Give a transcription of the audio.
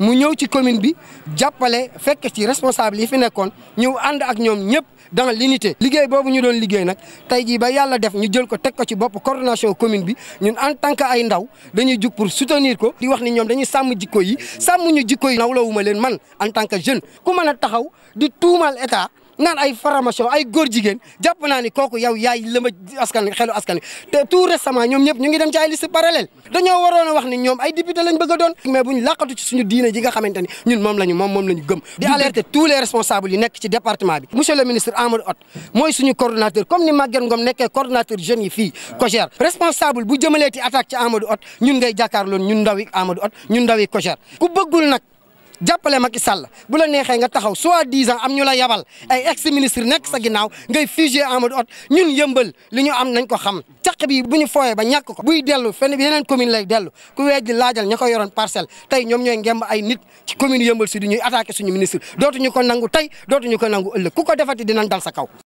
mu ñëw ci commune bi jàppale fekk ci responsable yi fi nekkoon ñëw ànd ak ñoom ñëpp dans l'unité liggéey boobu ñu doon liggéey nag tey jii ba yàlla def ñu jël ko teg ko ci bopp coordination commune bi ñun en tant que ay ndaw dañuy jug pour soutenir ko di wax ni ñoom dañuy sàmm jikko yi sàmm ñu jikko yi nawlawuma leen man en tant que jeune ku mën a taxaw di tuumal état naan ay formation ay góor jigéen jàpp naa ni kooku yow yaay lëma askan xelu askan te tout récemment ñoom ñëpp ñu ngi dem ci ay liste parallèle dañoo waroon a wax ni ñoom ay député lañ bëgg a doon mais suñu diine ji nga xamante ni ñun moom lañu moom moom lañu gëm di alerter tous les responsables yi nekk ci département bi monsieur le ministre Amadou Hott mooy suñu coordonnateur comme ni Maguette Ngom nekkee coordonnateur jeunes yi fii COJER responsable bu jëmaleeti attaque ci Amadou Hott ñun ngay jàkkaarloon ñun ndawi Amadou Hott ku bëggul nag jàppale Macky Sall bu la neexee nga taxaw soi-disant am ñu la yabal ay ex ministre nekk sa ginnaaw ngay fusé Amadou Hott ñun yëmbal li ñu am nañ ko xam caq bi bu ñu fooyee ba ñàkk ko buy dellu fenn yeneen commune lay dellu ku weej laajal ña ko yoroon parcelle tey ñoom ñooy ngemb ay nit ci yembal yëmbal si di ñuy attaqué suñu ministre dootuñu ko nangu tey dootuñu ko nangu ëllëg ku ko defati dinañ dal sa kaw